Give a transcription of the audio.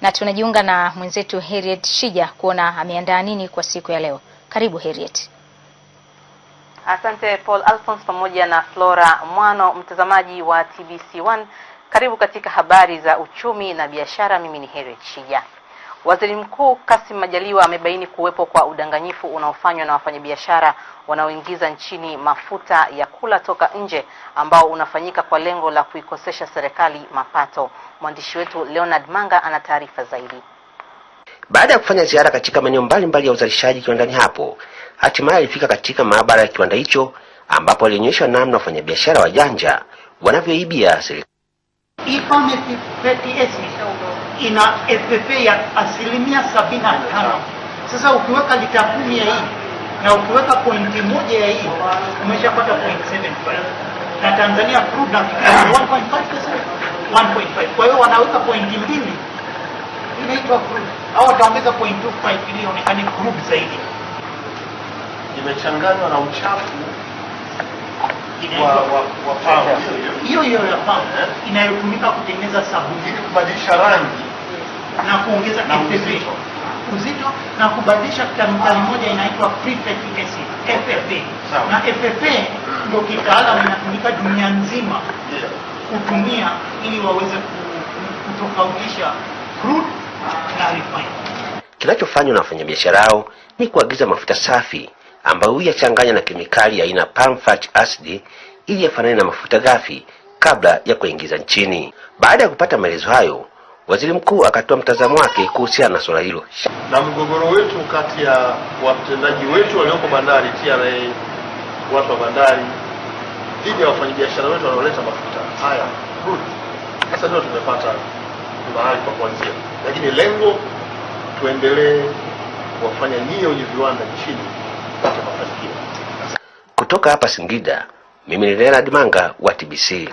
Na tunajiunga na mwenzetu Harriet Shija kuona ameandaa nini kwa siku ya leo. Karibu Harriet. Asante Paul Alphonse pamoja na Flora Mwano, mtazamaji wa TBC1, karibu katika habari za uchumi na biashara. Mimi ni Harriet Shija. Waziri Mkuu Kassim Majaliwa amebaini kuwepo kwa udanganyifu unaofanywa na wafanyabiashara wanaoingiza nchini mafuta ya chakula toka nje ambao unafanyika kwa lengo la kuikosesha serikali mapato. Mwandishi wetu Leonard Manga ana taarifa zaidi. Baada ya kufanya ziara katika maeneo mbalimbali ya uzalishaji kiwandani hapo, hatimaye alifika katika maabara ya kiwanda hicho ambapo alionyeshwa namna wafanyabiashara wajanja wanavyoibia serikali. Ina FPP ya asilimia sabini na tano. Sasa ukiweka lita kumi ya hii na ukiweka pointi moja ya hiyo umeshapata point 75 na Tanzania crude na 1.5%, 1.5. Kwa hiyo wanaweka pointi mbili inaitwa crude au wataongeza point 2.5 ili ionekane crude zaidi, imechanganywa na uchafu hiyo hiyo ya pam eh? inayotumika kutengeneza sabuni, kubadilisha rangi na kuongeza uzito na kubadilisha kitamitali moja inaitwa prefect acid na FFP ndio kitaalamu inatumika dunia nzima kutumia ili waweze kutofautisha crude na refined. Kinachofanywa na wafanyabiashara hao ni kuagiza mafuta safi ambayo huyachanganya na kemikali aina palm fatty acid ili yafanane na mafuta ghafi kabla ya kuingiza nchini. Baada ya kupata maelezo hayo Waziri mkuu akatoa mtazamo wake kuhusiana na swala hilo. Na mgogoro wetu kati ya watendaji wetu walioko bandari, TRA, watu wa bandari dhidi ya wafanyabiashara wetu wanaoleta mafuta haya sasa ndio tumepata mahali pa kuanzia, lakini lengo tuendelee kuwafanya nyie wenye viwanda nchini kupata mafanikio. Kutoka hapa Singida, mimi ni Leonard Manga wa TBC.